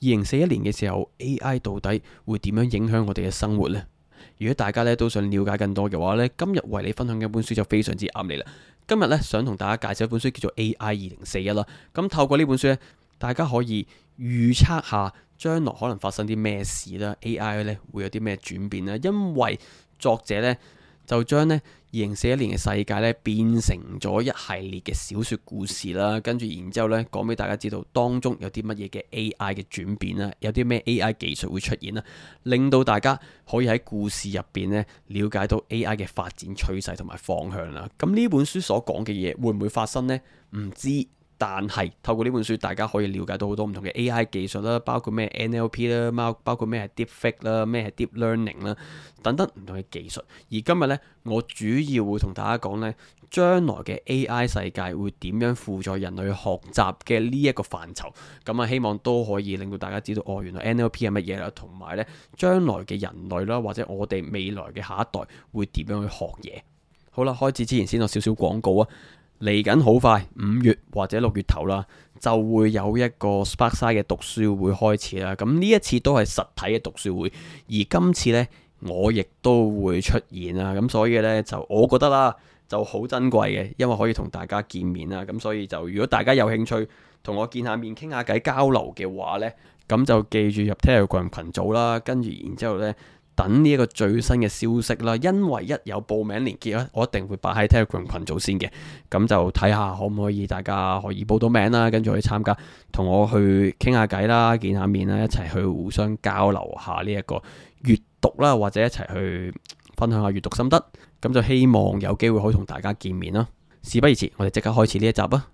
二零四一年嘅時候，AI 到底會點樣影響我哋嘅生活呢？如果大家咧都想了解更多嘅話呢，今日為你分享嘅一本書就非常之啱你啦。今日呢，想同大家介紹一本書，叫做《AI 二零四一》啦。咁透過呢本書呢，大家可以預測下將來可能發生啲咩事啦，AI 呢會有啲咩轉變咧？因為作者呢，就將呢……二零四一年嘅世界咧，變成咗一系列嘅小説故事啦。跟住然之後咧，講俾大家知道當中有啲乜嘢嘅 AI 嘅轉變啦，有啲咩 AI 技術會出現啦，令到大家可以喺故事入邊咧，了解到 AI 嘅發展趨勢同埋方向啦。咁呢本書所講嘅嘢會唔會發生呢？唔知。但係透過呢本書，大家可以了解到好多唔同嘅 AI 技術啦，包括咩 NLP 啦，包括咩係 Deep Fake 啦，咩係 Deep Learning 啦，等等唔同嘅技術。而今日呢，我主要會同大家講呢，將來嘅 AI 世界會點樣輔助人類學習嘅呢一個範疇。咁啊，希望都可以令到大家知道，哦，原來 NLP 係乜嘢啦，同埋呢將來嘅人類啦，或者我哋未來嘅下一代會點樣去學嘢。好啦，開始之前先有少少廣告啊！嚟緊好快，五月或者六月頭啦，就會有一個 Sparksine 嘅讀書會開始啦。咁呢一次都係實體嘅讀書會，而今次呢，我亦都會出現啦。咁所以呢，就我覺得啦，就好珍貴嘅，因為可以同大家見面啦。咁所以就，如果大家有興趣同我見下面傾下偈交流嘅話呢，咁就記住入 Taylor 個人群組啦。跟住然之後呢，等呢一個最新嘅消息啦，因為一有報名連結咧，我一定會擺喺 Telegram 群組先嘅。咁就睇下可唔可以大家可以報到名啦，跟住去參加，同我去傾下偈啦，見下面啦，一齊去互相交流下呢一個閱讀啦，或者一齊去分享下閱讀心得。咁就希望有機會可以同大家見面啦。事不宜遲，我哋即刻開始呢一集啊！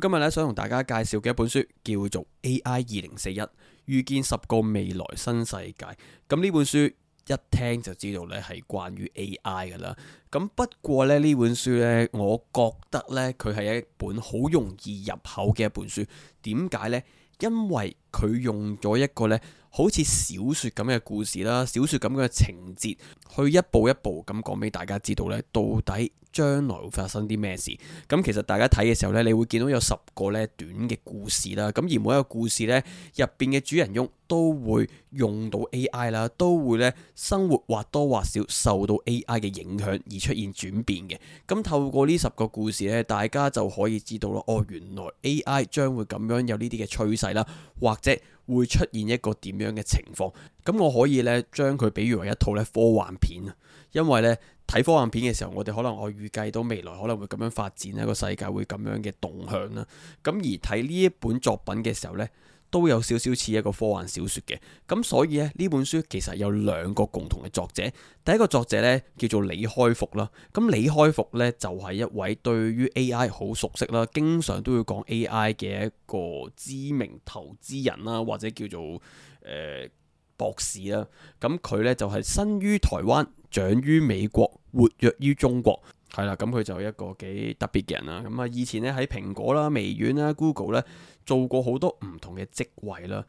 今日咧想同大家介紹嘅一本書叫做《AI 2041預見十個未來新世界》。咁呢本書一聽就知道咧係關於 AI 噶啦。咁不過咧呢本書咧，我覺得咧佢係一本好容易入口嘅一本書。點解呢？因為佢用咗一個咧。好似小說咁嘅故事啦，小說咁嘅情節，去一步一步咁講俾大家知道呢，到底將來會發生啲咩事？咁其實大家睇嘅時候呢，你會見到有十個呢短嘅故事啦，咁而每一個故事呢，入邊嘅主人翁都會用到 AI 啦，都會呢生活或多或少受到 AI 嘅影響而出現轉變嘅。咁透過呢十個故事呢，大家就可以知道咯，哦，原來 AI 將會咁樣有呢啲嘅趨勢啦，或者。會出現一個點樣嘅情況？咁我可以咧將佢比喻為一套咧科幻片啊，因為咧睇科幻片嘅時候，我哋可能我預計到未來可能會咁樣發展啦，個世界會咁樣嘅動向啦。咁而睇呢一本作品嘅時候咧，都有少少似一個科幻小說嘅咁，所以咧呢本書其實有兩個共同嘅作者。第一個作者呢叫做李開復啦，咁李開復呢就係、是、一位對於 AI 好熟悉啦，經常都要講 AI 嘅一個知名投資人啦，或者叫做誒、呃、博士啦。咁佢呢就係、是、生於台灣，長於美國，活躍於中國。係啦，咁佢就一個幾特別嘅人啦。咁啊，以前咧，喺蘋果啦、微軟啦、Google 咧，做過好多唔同嘅職位啦。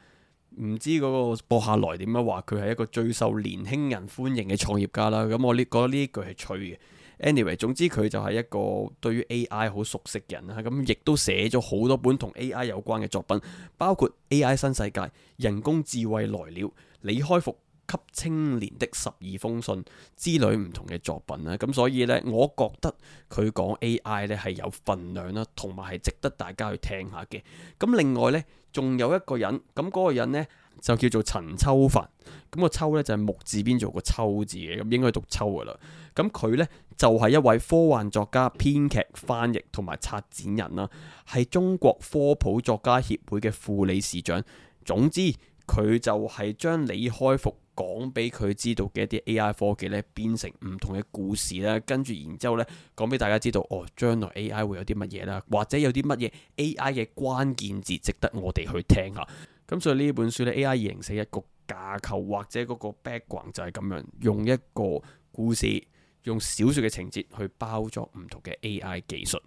唔知嗰個博客來點樣話佢係一個最受年輕人歡迎嘅創業家啦。咁我呢覺得呢一句係吹嘅。Anyway，總之佢就係一個對於 AI 好熟悉嘅人啦。咁亦都寫咗好多本同 AI 有關嘅作品，包括《AI 新世界》、《人工智慧來了》、《李開復》給青年的十二封信之類唔同嘅作品啦，啊，咁所以咧，我覺得佢講 A.I. 咧係有份量啦，啊，同埋係值得大家去聽下嘅。咁另外咧，仲有一個人，咁、那、嗰個人咧就叫做陳楸帆，咁、那個秋咧就係木字邊做個秋字嘅，咁應該讀秋噶啦。咁佢咧就係、是、一位科幻作家、編劇、翻譯同埋策展人啦，啊，係中國科普作家協會嘅副理事長。總之，佢就係將李開復。講俾佢知道嘅一啲 AI 科技咧，變成唔同嘅故事啦，跟住然之後咧，講俾大家知道哦，將來 AI 會有啲乜嘢啦，或者有啲乜嘢 AI 嘅關鍵字值得我哋去聽下。咁所以呢本書咧，AI 2041一個架構或者嗰個 background 就係咁樣，用一個故事，用小說嘅情節去包裝唔同嘅 AI 技術。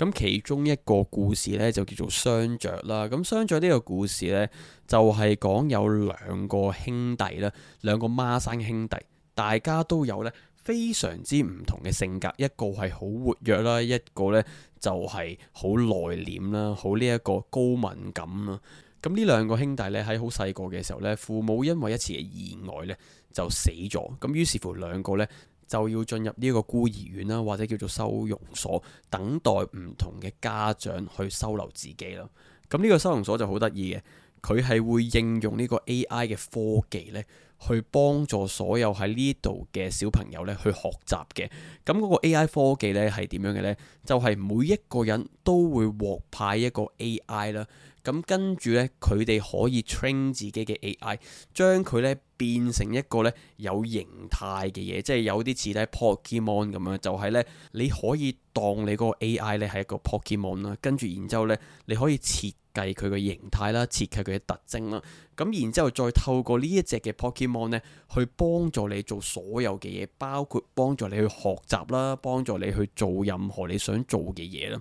咁其中一個故事咧就叫做「雙雀」啦。咁雙雀呢個故事咧，就係講有兩個兄弟啦，兩個孖生兄弟，大家都有咧非常之唔同嘅性格，一個係好活躍啦，一個咧就係好內斂啦，好呢一個高敏感啦。咁呢兩個兄弟咧喺好細個嘅時候咧，父母因為一次嘅意外咧就死咗。咁於是乎兩個咧，就要進入呢個孤兒院啦，或者叫做收容所，等待唔同嘅家長去收留自己啦。咁呢個收容所就好得意嘅，佢係會應用呢個 AI 嘅科技呢，去幫助所有喺呢度嘅小朋友呢去學習嘅。咁嗰個 AI 科技呢係點樣嘅呢？就係每一個人都會獲派一個 AI 啦。咁跟住呢，佢哋可以 train 自己嘅 AI，將佢呢變成一個呢有形態嘅嘢，即係有啲似呢 Pokemon 咁樣，就係呢：你可以當你個 AI 呢係一個 Pokemon 啦。跟住然之後呢，你可以設計佢嘅形態啦，設計佢嘅特徵啦。咁然之後再透過呢一隻嘅 Pokemon 呢，去幫助你做所有嘅嘢，包括幫助你去學習啦，幫助你去做任何你想做嘅嘢啦。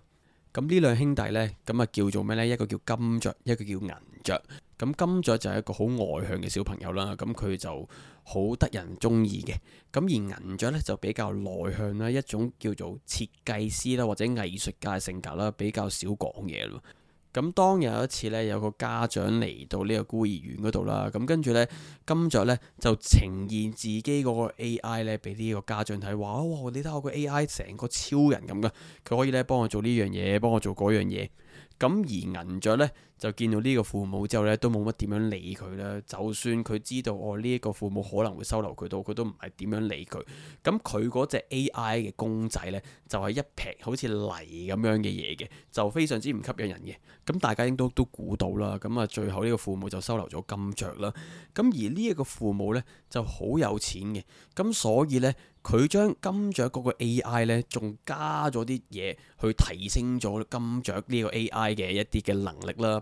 咁呢兩兄弟呢，咁啊叫做咩呢？一個叫金雀，一個叫銀雀。咁金雀就係一個好外向嘅小朋友啦，咁佢就好得人中意嘅。咁而銀雀呢，就比較內向啦，一種叫做設計師啦或者藝術家嘅性格啦，比較少講嘢咯。咁當一呢有一次咧，有個家長嚟到呢個孤兒院嗰度啦，咁跟住咧，金雀咧就呈現自己嗰個 AI 咧俾呢個家長睇，話：哇、哦！你睇下個 AI 成個超人咁㗎，佢可以咧幫我做呢樣嘢，幫我做嗰樣嘢。咁而銀雀咧。就見到呢個父母之後咧，都冇乜點樣理佢啦。就算佢知道我呢一個父母可能會收留佢到，佢都唔係點樣理佢。咁佢嗰隻 AI 嘅公仔呢，就係一撇好似泥咁樣嘅嘢嘅，就非常之唔吸引人嘅。咁大家應都都估到啦。咁啊，最後呢個父母就收留咗金雀啦。咁而呢一個父母呢，就好有錢嘅。咁所以呢，佢將金雀嗰個 AI 呢，仲加咗啲嘢去提升咗金雀呢個 AI 嘅一啲嘅能力啦。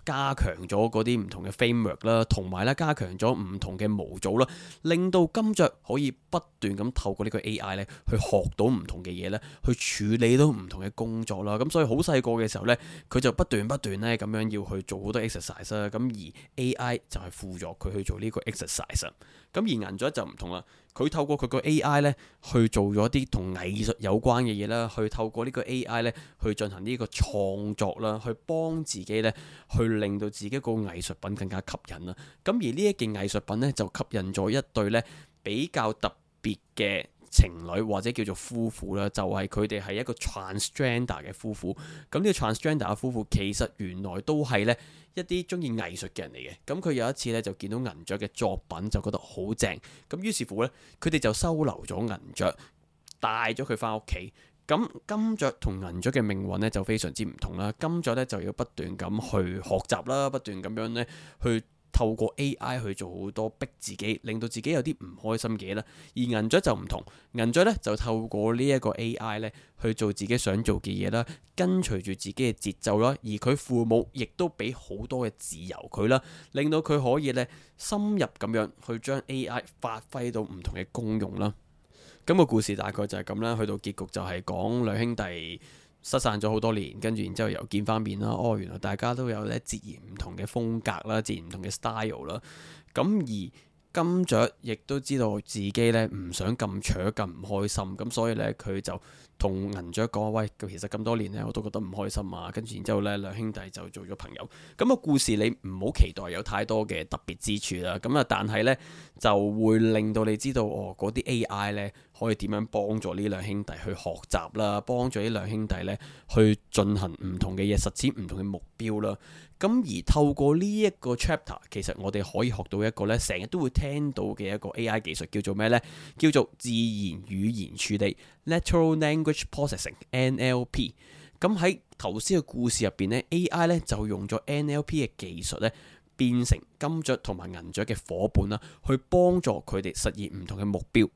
加強咗嗰啲唔同嘅 framework 啦，同埋咧加強咗唔同嘅模組啦，令到金雀可以不斷咁透過呢個 AI 咧去學到唔同嘅嘢咧，去處理到唔同嘅工作啦。咁所以好細個嘅時候咧，佢就不斷不斷咧咁樣要去做好多 exercise 啦。咁而 AI 就係輔助佢去做呢個 exercise。咁而銀雀就唔同啦，佢透過佢個 AI 咧去做咗啲同藝術有關嘅嘢啦，去透過呢個 AI 咧去進行呢個創作啦，去幫自己咧去。令到自己個藝術品更加吸引啦，咁而呢一件藝術品咧就吸引咗一對咧比較特別嘅情侶或者叫做夫婦啦，就係佢哋係一個 transgender 嘅夫婦。咁、這、呢個 transgender 嘅夫婦其實原來都係咧一啲中意藝術嘅人嚟嘅。咁佢有一次咧就見到銀雀嘅作品，就覺得好正。咁於是乎咧，佢哋就收留咗銀雀，帶咗佢翻屋企。咁金雀同銀雀嘅命運咧就非常之唔同啦。金雀咧就要不斷咁去學習啦，不斷咁樣咧去透過 AI 去做好多逼自己，令到自己有啲唔開心嘅嘢啦。而銀雀就唔同，銀雀咧就透過呢一個 AI 咧去做自己想做嘅嘢啦，跟隨住自己嘅節奏啦。而佢父母亦都俾好多嘅自由佢啦，令到佢可以咧深入咁樣去將 AI 發揮到唔同嘅功用啦。咁個故事大概就係咁啦，去到結局就係講兩兄弟失散咗好多年，跟住然之後又見翻面啦。哦，原來大家都有咧，截然唔同嘅風格啦，截然唔同嘅 style 啦。咁而金雀亦都知道自己咧唔想咁搶咁唔開心，咁所以咧佢就同銀雀講：喂，其實咁多年咧我都覺得唔開心啊！跟住然之後咧兩兄弟就做咗朋友。咁個故事你唔好期待有太多嘅特別之處啦。咁啊，但係咧就會令到你知道哦，嗰啲 AI 咧可以點樣幫助呢兩兄弟去學習啦，幫助呢兩兄弟咧去進行唔同嘅嘢，實踐唔同嘅目標啦。咁而透過呢一個 chapter，其實我哋可以學到一個咧，成日都會聽到嘅一個 AI 技術叫做咩呢？叫做自然語言處理 （Natural Language Processing，NLP）。咁喺頭先嘅故事入邊咧，AI 咧就用咗 NLP 嘅技術咧，變成金雀同埋銀雀嘅伙伴啦，去幫助佢哋實現唔同嘅目標。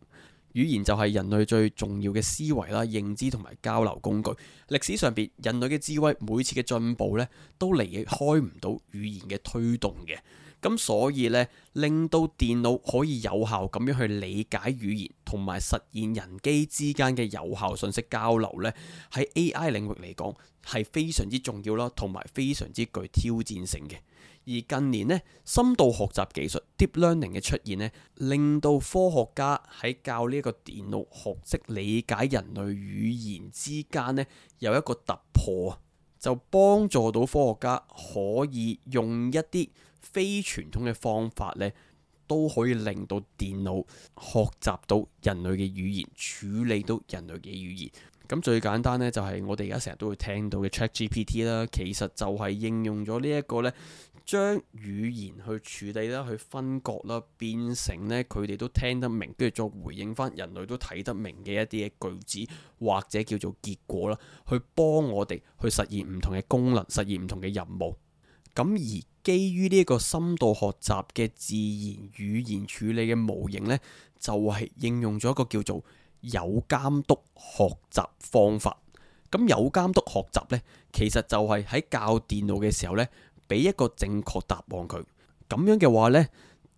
語言就係人類最重要嘅思維啦、認知同埋交流工具。歷史上邊人類嘅智慧每次嘅進步咧，都離亦開唔到語言嘅推動嘅。咁所以咧，令到電腦可以有效咁樣去理解語言同埋實現人機之間嘅有效信息交流咧，喺 AI 領域嚟講係非常之重要啦，同埋非常之具挑戰性嘅。而近年咧，深度學習技術 Deep Learning 嘅出現咧，令到科學家喺教呢一個電腦學識理解人類語言之間咧，有一個突破啊，就幫助到科學家可以用一啲非傳統嘅方法咧，都可以令到電腦學習到人類嘅語言，處理到人類嘅語言。咁最簡單呢，就係我哋而家成日都會聽到嘅 ChatGPT 啦，其實就係應用咗呢一個咧。將語言去處理啦，去分割啦，變成咧佢哋都聽得明，跟住再回應翻人類都睇得明嘅一啲嘅句子，或者叫做結果啦，去幫我哋去實現唔同嘅功能，實現唔同嘅任務。咁而基於呢一個深度學習嘅自然語言處理嘅模型呢，就係應用咗一個叫做有監督學習方法。咁有監督學習呢，其實就係喺教電腦嘅時候呢，俾一個正確答案佢，咁樣嘅話呢，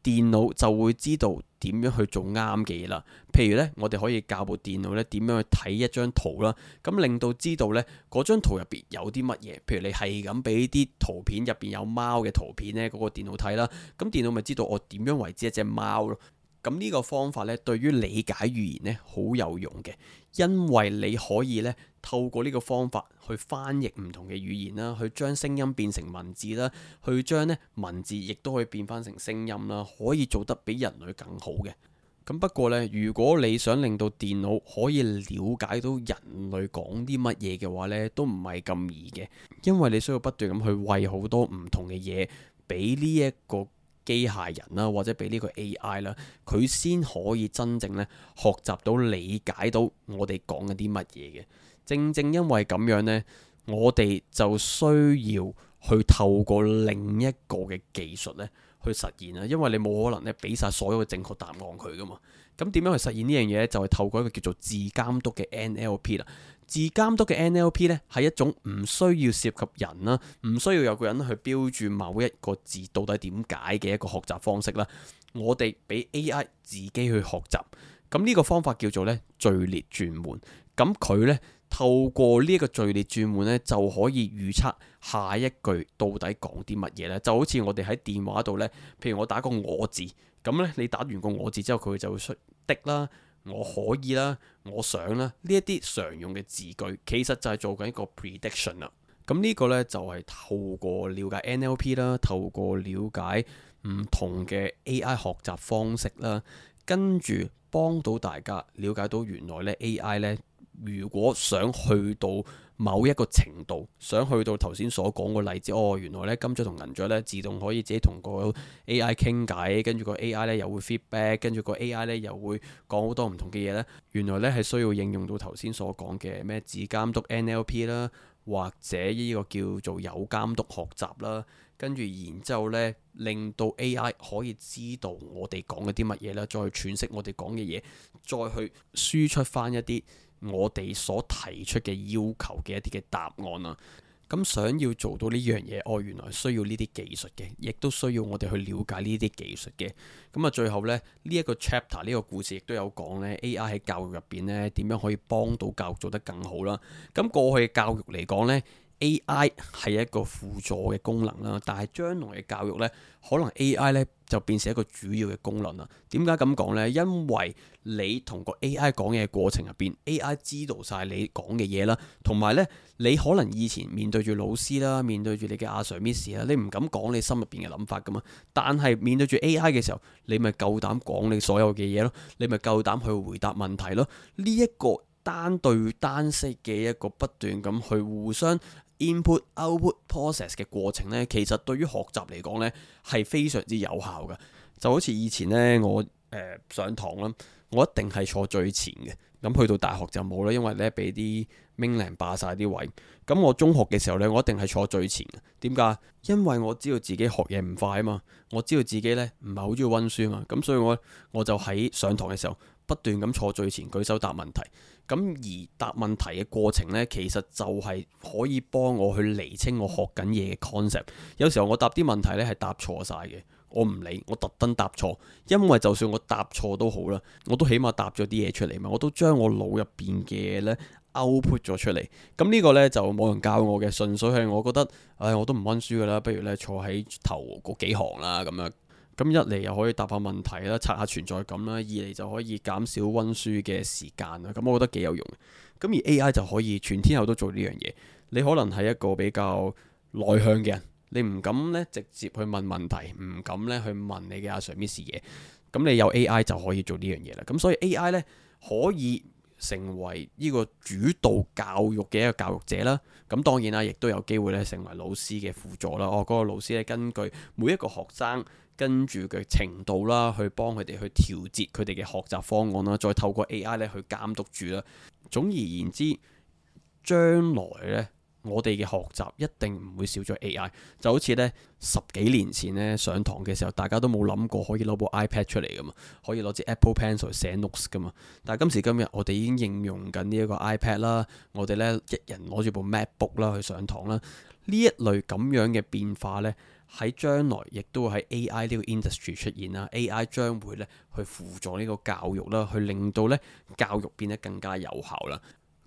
電腦就會知道點樣去做啱嘅嘢啦。譬如呢，我哋可以教部電腦呢，點樣去睇一張圖啦，咁令到知道呢嗰張圖入邊有啲乜嘢。譬如你係咁俾啲圖片入邊有貓嘅圖片呢，嗰個電腦睇啦，咁電腦咪知道我點樣為之一隻貓咯。咁呢個方法咧，對於理解語言咧，好有用嘅，因為你可以咧透過呢個方法去翻譯唔同嘅語言啦，去將聲音變成文字啦，去將咧文字亦都可以變返成聲音啦，可以做得比人類更好嘅。咁不過咧，如果你想令到電腦可以了解到人類講啲乜嘢嘅話咧，都唔係咁易嘅，因為你需要不斷咁去餵好多唔同嘅嘢俾呢一個機械人啦，或者俾呢個 AI 啦，佢先可以真正咧學習到、理解到我哋講緊啲乜嘢嘅。正正因為咁樣呢，我哋就需要去透過另一個嘅技術呢，去實現啦，因為你冇可能咧俾晒所有嘅正確答案佢㗎嘛。咁點樣去實現呢樣嘢咧？就係、是、透過一個叫做自監督嘅 NLP 啦。自監督嘅 NLP 咧係一種唔需要涉及人啦，唔需要有個人去標註某一個字到底點解嘅一個學習方式啦。我哋俾 AI 自己去學習。咁呢個方法叫做咧序列轉換。咁佢咧透過呢一個序列轉換咧就可以預測。下一句到底講啲乜嘢呢？就好似我哋喺電話度呢，譬如我打個我字，咁呢你打完個我字之後，佢就會出的啦，我可以啦，我想啦，呢一啲常用嘅字句，其實就係做緊一個 prediction 啦。咁呢個呢，就係透過了解 NLP 啦，透過了解唔同嘅 AI 學習方式啦，跟住幫到大家了解到原來呢 AI 呢。如果想去到某一個程度，想去到頭先所講個例子，哦，原來呢，金雀同銀雀呢，自動可以自己同個 A.I. 傾偈，跟住個 A.I. 呢又會 feedback，跟住個 A.I. 呢又會講好多唔同嘅嘢呢。原來呢係需要應用到頭先所講嘅咩自監督 N.L.P. 啦，或者呢個叫做有監督學習啦，跟住然之後呢，令到 A.I. 可以知道我哋講嗰啲乜嘢啦，再去詮釋我哋講嘅嘢，再去輸出翻一啲我哋所提出嘅要求嘅一啲嘅答案啊，咁想要做到呢樣嘢，哦，原來需要呢啲技術嘅，亦都需要我哋去了解呢啲技術嘅。咁啊，最後咧，呢一個 chapter 呢個故事亦都有講咧，AI 喺教育入邊咧點樣可以幫到教育做得更好啦。咁過去嘅教育嚟講咧。A.I. 係一個輔助嘅功能啦，但係將來嘅教育呢，可能 A.I. 呢就變成一個主要嘅功能啦。點解咁講呢？因為你同個 A.I. 講嘢過程入邊，A.I. 知道晒你講嘅嘢啦，同埋呢，你可能以前面對住老師啦，面對住你嘅阿 sir、miss 啦，你唔敢講你心入邊嘅諗法噶嘛。但係面對住 A.I. 嘅時候，你咪夠膽講你所有嘅嘢咯，你咪夠膽去回答問題咯。呢一個單對單式嘅一個不斷咁去互相。input、output In Out、process 嘅過程咧，其實對於學習嚟講咧係非常之有效嘅。就好似以前咧，我誒、呃、上堂啦，我一定係坐最前嘅。咁去到大學就冇啦，因為咧俾啲命令霸晒啲位。咁我中學嘅時候咧，我一定係坐最前嘅。點解？因為我知道自己學嘢唔快啊嘛，我知道自己咧唔係好鍾意温書啊嘛，咁所以我我就喺上堂嘅時候。不斷咁坐最前，舉手答問題。咁而答問題嘅過程呢，其實就係可以幫我去釐清我學緊嘢嘅 concept。有時候我答啲問題呢係答錯晒嘅，我唔理，我特登答錯，因為就算我答錯都好啦，我都起碼答咗啲嘢出嚟嘛，我都將我腦入邊嘅呢 output 咗出嚟。咁呢個呢，就冇人教我嘅，純粹係我覺得，唉，我都唔温書㗎啦，不如呢坐喺頭嗰幾行啦，咁樣。咁一嚟又可以答下問題啦，刷下存在感啦；二嚟就可以減少温書嘅時間啦。咁我覺得幾有用。咁而 A.I. 就可以全天候都做呢樣嘢。你可能係一個比較內向嘅人，你唔敢咧直接去問問題，唔敢咧去問你嘅阿 sir 咩事嘢。咁 你有 A.I. 就可以做呢樣嘢啦。咁所以 A.I. 呢可以成為呢個主導教育嘅一個教育者啦。咁當然啦，亦都有機會咧成為老師嘅輔助啦。我、哦、嗰、那個老師咧根據每一個學生。跟住嘅程度啦，去幫佢哋去調節佢哋嘅學習方案啦，再透過 A.I. 咧去監督住啦。總而言之，將來呢，我哋嘅學習一定唔會少咗 A.I. 就好似呢，十幾年前呢上堂嘅時候，大家都冇諗過可以攞部 iPad 出嚟噶嘛，可以攞支 Apple Pencil 寫 notes 噶嘛。但係今時今日，我哋已經應用緊呢一個 iPad 啦，我哋呢，一人攞住部 MacBook 啦去上堂啦。呢一類咁樣嘅變化呢。喺將來，亦都會喺 AI 呢個 industry 出現啦。AI 將會咧去輔助呢個教育啦，去令到咧教育變得更加有效啦。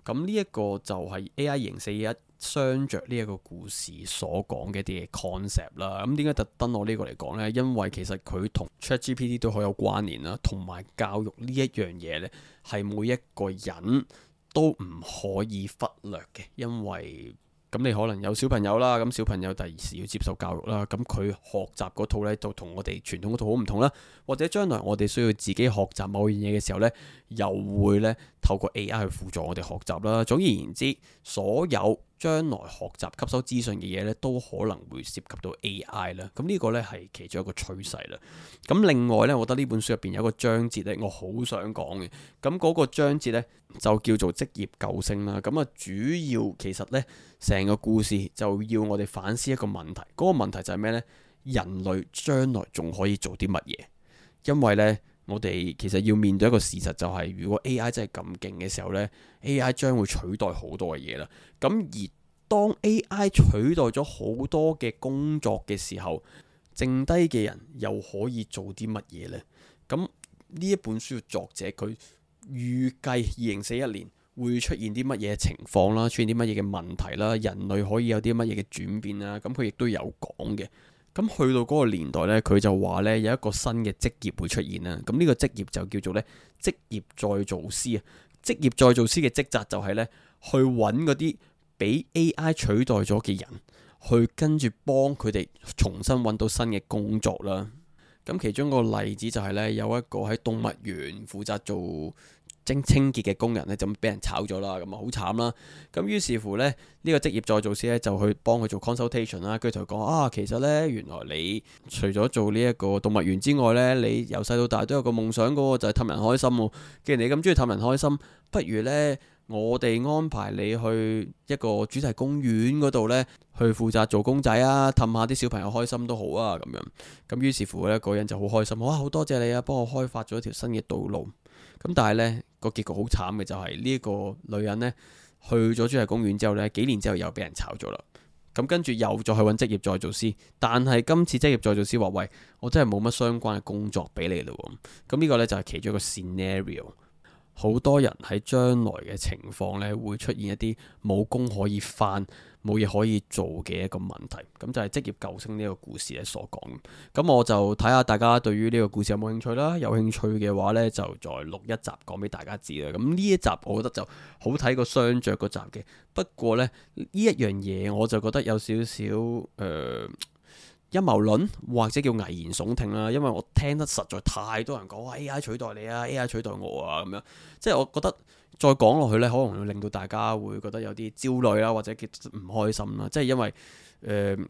咁呢一個就係 AI 2041相着呢一個故事所講嘅一啲 concept 啦。咁點解特登攞呢個嚟講呢？因為其實佢同 ChatGPT 都好有關聯啦，同埋教育呢一樣嘢呢，係每一個人都唔可以忽略嘅，因為。咁你可能有小朋友啦，咁小朋友第二時要接受教育啦，咁佢學習嗰套呢，就同我哋傳統嗰套好唔同啦，或者將來我哋需要自己學習某樣嘢嘅時候呢，又會呢透過 AI 去輔助我哋學習啦。總而言之，所有。將來學習吸收資訊嘅嘢咧，都可能會涉及到 AI 啦。咁呢個呢係其中一個趨勢啦。咁另外呢，我覺得呢本書入邊有一個章節呢，我好想講嘅。咁嗰個章節呢，就叫做職業救星啦。咁啊，主要其實呢，成個故事就要我哋反思一個問題。嗰個問題就係咩呢？人類將來仲可以做啲乜嘢？因為呢。我哋其實要面對一個事實、就是，就係如果 AI 真係咁勁嘅時候呢 AI 將會取代好多嘅嘢啦。咁而當 AI 取代咗好多嘅工作嘅時候，剩低嘅人又可以做啲乜嘢呢？咁呢一本書嘅作者佢預計二零四一年會出現啲乜嘢情況啦？出現啲乜嘢嘅問題啦？人類可以有啲乜嘢嘅轉變啦。咁佢亦都有講嘅。咁去到嗰個年代咧，佢就話咧，有一個新嘅職業會出現啦。咁呢個職業就叫做咧職業再造師啊。職業再造師嘅職責就係咧去揾嗰啲俾 AI 取代咗嘅人，去跟住幫佢哋重新揾到新嘅工作啦。咁其中個例子就係咧，有一個喺動物園負責做。精清潔嘅工人呢，就俾人炒咗啦，咁啊好慘啦。咁於是乎呢，呢、呢個職業再造師呢，就去幫佢做 consultation 啦，跟住同佢講啊，其實呢，原來你除咗做呢一個動物園之外呢，你由細到大都有個夢想噶喎，就係氹人開心。既然你咁中意氹人開心，不如呢，我哋安排你去一個主題公園嗰度呢，去負責做公仔啊，氹下啲小朋友開心都好啊，咁樣。咁於是乎呢，嗰、嗰個、人就好開心，哇、啊，好多謝你啊，幫我開發咗一條新嘅道路。咁但係呢。個結局好慘嘅，就係、是、呢個女人呢，去咗主題公園之後呢，幾年之後又俾人炒咗啦，咁跟住又再去揾職業再造師，但係今次職業再造師話喂，我真係冇乜相關嘅工作俾你啦，咁、這、呢個呢，就係其中一個 scenario。好多人喺將來嘅情況呢，會出現一啲冇工可以返、冇嘢可以做嘅一個問題。咁就係「職業救星」呢個故事咧，所講。咁我就睇下大家對於呢個故事有冇興趣啦。有興趣嘅話呢，就再錄一集講俾大家知啦。咁呢一集我覺得就好睇過「雙雀」個集嘅。不過咧，呢一樣嘢我就覺得有少少誒。呃陰謀論或者叫危言聳聽啦，因為我聽得實在太多人講 A.I 取代你啊，A.I 取代我啊咁樣，即係我覺得再講落去咧，可能會令到大家會覺得有啲焦慮啦、啊，或者唔開心啦、啊，即係因為誒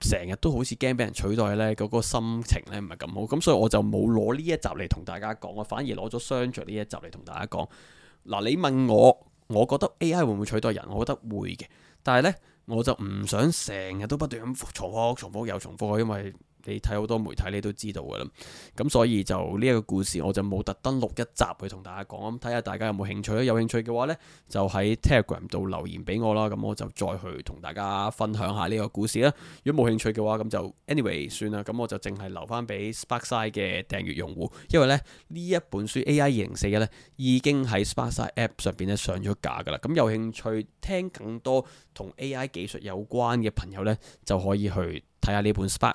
成日都好似驚俾人取代咧，嗰個心情咧唔係咁好，咁所以我就冇攞呢一集嚟同大家講，我反而攞咗雙雀呢一集嚟同大家講。嗱，你問我，我覺得 A.I 會唔會取代人？我覺得會嘅，但係咧。我就唔想成日都不斷咁重覆、重覆又重覆，因為。你睇好多媒體，你都知道㗎啦。咁所以就呢一個故事，我就冇特登錄一集去同大家講。咁睇下大家有冇興趣。有興趣嘅話呢，就喺 Telegram 度留言俾我啦。咁我就再去同大家分享下呢個故事啦。如果冇興趣嘅話，咁就 anyway 算啦。咁我就淨係留返俾 Sparksine 嘅訂閱用戶，因為咧呢一本書 AI 二零四一咧已經喺 Sparksine App 上邊咧上咗架㗎啦。咁有興趣聽更多同 AI 技術有關嘅朋友呢，就可以去睇下呢本 Spark。